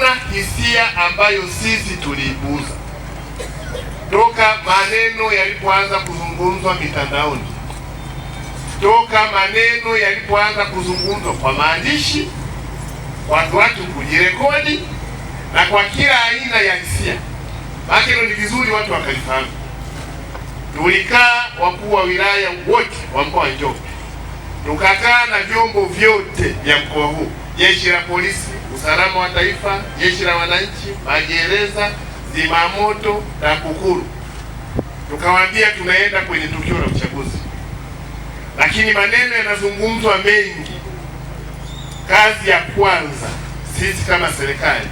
hakuna hisia ambayo sisi tuliibuza toka maneno yalipoanza kuzungumzwa mitandaoni, toka maneno yalipoanza kuzungumzwa kwa maandishi, watu watu kujirekodi na kwa kila aina ya hisia. makelo ni vizuri watu wakalifahamu. Tulikaa wakuu wa wilaya wote wa mkoa wa Njombe, tukakaa na vyombo vyote vya mkoa huu, jeshi la polisi usalama wa taifa, jeshi la wananchi, magereza, zimamoto, kukuru Tukawaambia tunaenda kwenye tukio la uchaguzi, lakini maneno yanazungumzwa mengi. Kazi ya kwanza sisi kama serikali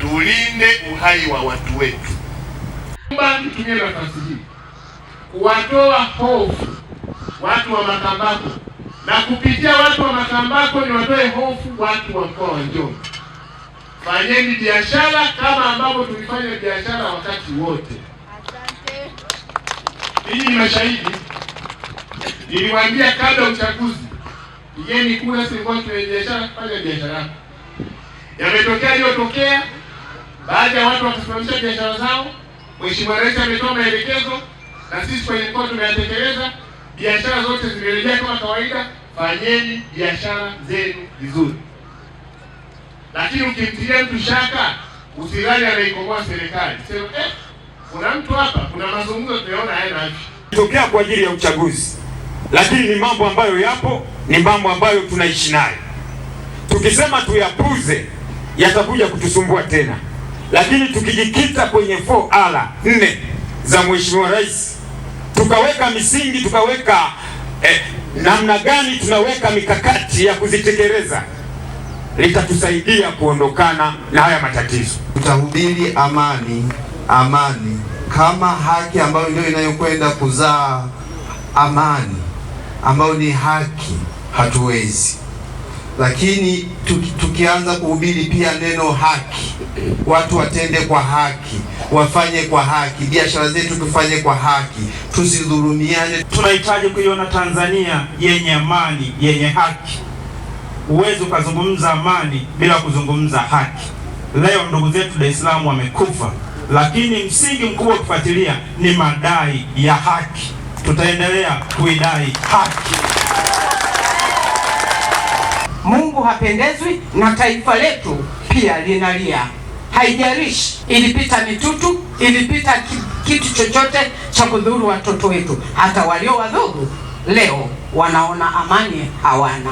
tulinde uhai wa watu wetu. Nitumie nafasi hii kuwatoa hofu watu wa Makambako na kupitia watu wa Makambako niwatoe hofu watu wa mkoa wa Njombe. Fanyeni biashara kama ambavyo tulifanya biashara wakati wote. Ninyi ni mashahidi, niliwaambia kabla uchaguzi, pigeni kura, sikuwa tuna biashara, fanya biashara yako. Yametokea iliyotokea, baadhi ya watu wakasimamisha biashara zao. Mheshimiwa Rais ametoa maelekezo na sisi kwenye mkoa tumeyatekeleza biashara zote zimerejea kama kawaida, fanyeni biashara zenu vizuri. Lakini ukimtilia mtu shaka, usidhani anaikomboa serikali. Sema eh, kuna mtu hapa, kuna mazungumzo tunaona hayana afya, tokea kwa ajili ya uchaguzi, lakini ni mambo ambayo yapo, ni mambo ambayo tunaishi nayo. Tukisema tuyapuze, yatakuja kutusumbua tena, lakini tukijikita kwenye 4R nne za Mheshimiwa Rais tukaweka misingi, tukaweka eh, namna gani tunaweka mikakati ya kuzitekeleza, litatusaidia kuondokana na haya matatizo. Tutahubiri amani, amani kama haki ambayo ndio inayokwenda kuzaa amani ambayo ni haki, hatuwezi lakini tukianza kuhubiri pia neno haki, watu watende kwa haki, wafanye kwa haki, biashara zetu tufanye kwa haki, tusidhulumiane. Tunahitaji kuiona Tanzania yenye amani, yenye haki. Huwezi ukazungumza amani bila kuzungumza haki. Leo ndugu zetu Dar es Salaam wamekufa, lakini msingi mkubwa ukifuatilia ni madai ya haki. Tutaendelea kuidai haki. Mungu hapendezwi na taifa letu pia linalia. Haijalishi ilipita mitutu, ilipita kitu chochote cha kudhuru watoto wetu, hata walio wadogo leo wanaona amani hawana.